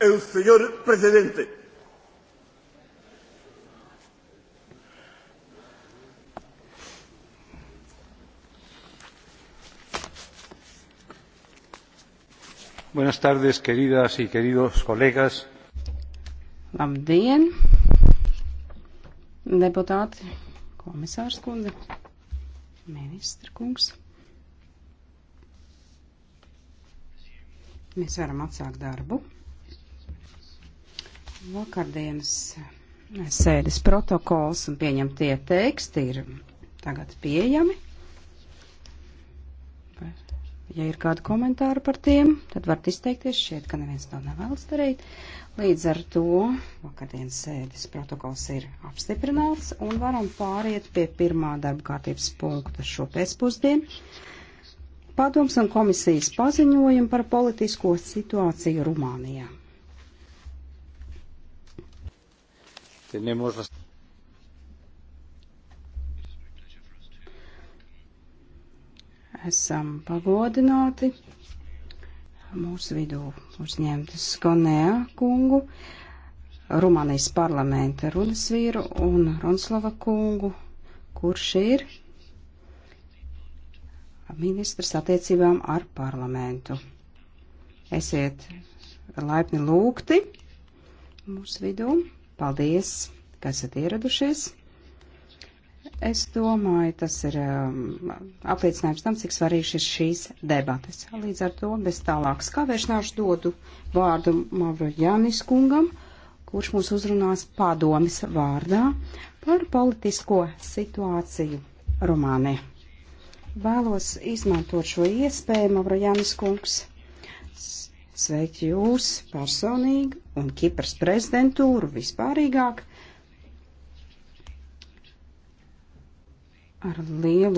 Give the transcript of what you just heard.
el señor presidente. Buenas tardes, queridas y queridos colegas. Labdien, deputāti, komisārs kundze, ministra kungs. Mēs varam atsākt darbu. Vakardienas sēdes protokols un pieņemtie teksti ir tagad pieejami. Ja ir kādi komentāri par tiem, tad varat izteikties šeit, ka neviens to nevēlas darīt. Līdz ar to vakardienas sēdes protokols ir apstiprināts un varam pāriet pie pirmā darba kārtības punkta šo pēcpusdienu. Padoms un komisijas paziņojumu par politisko situāciju Rumānijā. Tenemos las... Esam pagodināti mūsu vidū uzņemtas Skonēa kungu, Rumānijas parlamenta runas vīru un Ronslava kungu, kurš ir ministrs attiecībām ar parlamentu. Esiet laipni lūgti mūsu vidū. Paldies, ka esat ieradušies. Es domāju, tas ir um, apliecinājums tam, cik svarīgs ir šīs debates. Līdz ar to bez tālākas kavēšanās dodu vārdu Mavro Janis kungam, kurš mūs uzrunās padomis vārdā par politisko situāciju Romānē. Vēlos izmantot šo iespēju, Mavro Janis kungs, sveikt jūs personīgi un Kipras prezidentūru vispārīgāk ar lielu